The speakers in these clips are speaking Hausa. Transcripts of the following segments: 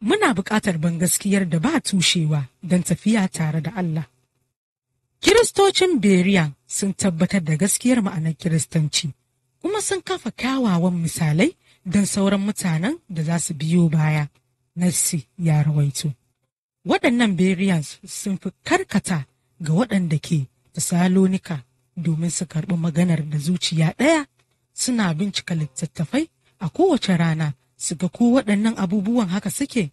muna buƙatar ban gaskiyar da ba tushewa don tafiya tare da Allah. Kiristocin Beriya sun tabbatar da gaskiyar ma'anar Kiristanci, kuma sun kafa kyawawan misalai don sauran mutanen da za su biyo baya. Nassi ya rawaito. Waɗannan Beriyans sun fi karkata ga waɗanda ke salonika domin su karɓi maganar da zuciya ɗaya suna bincika littattafai a kowace rana su ga ko waɗannan abubuwan haka suke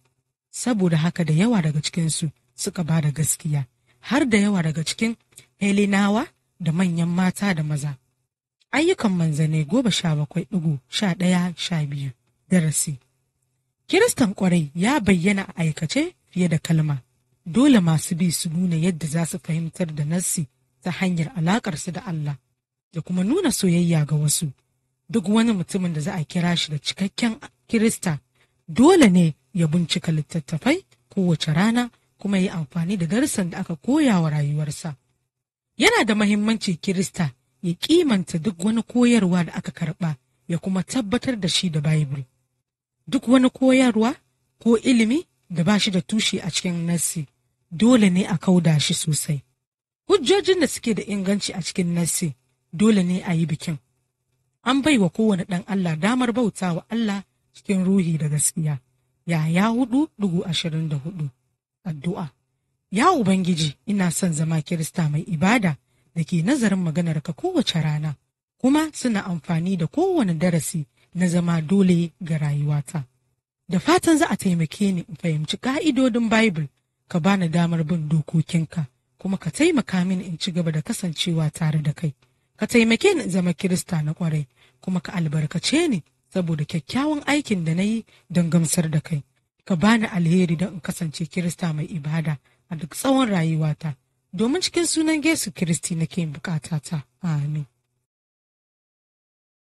saboda haka da yawa daga cikinsu suka ba da gaskiya har da yawa daga cikin helinawa da manyan mata da maza ayyukan manzane goma sha bakwai ɗigo sha ɗaya sha biyu darasi kiristan ƙwarai ya bayyana a aikace fiye da kalma dole masu bi su nuna yadda za su fahimtar da nassi ta hanyar alaƙarsu da Allah da kuma nuna soyayya ga wasu duk wani mutumin da za a kira shi da cikakken kirista dole ne ya bincika littattafai kowace rana kuma yi amfani da darsan da aka koya wa rayuwarsa yana da mahimmanci kirista ya kimanta duk wani koyarwa da aka karɓa ya kuma tabbatar da shi da bible duk wani koyarwa ko ilimi da ba shi da tushe a cikin nassi dole ne a kauda shi sosai hujjojin da suke da inganci a cikin nassi dole ne a yi bikin an bai wa kowane ɗan Allah damar bautawa Allah cikin ruhi da gaskiya yaya hudu dugu ashirin da hudu addu'a ya ubangiji ina son zama kirista mai ibada da ke nazarin maganar ka kowace rana kuma suna amfani da kowane darasi na zama dole ga rayuwata da fatan za a taimake ni in fahimci ka'idodin bible ka bani damar bin dokokinka kuma ka taimaka mini in ci gaba da kasancewa tare da kai ka taimake ni in zama kirista na kwarai kuma ka albarkace ni saboda kyakkyawan aikin da na yi don gamsar da kai ka bani alheri don in kasance kirista mai ibada a duk tsawon rayuwata domin cikin sunan yesu kiristi nake bukatata amin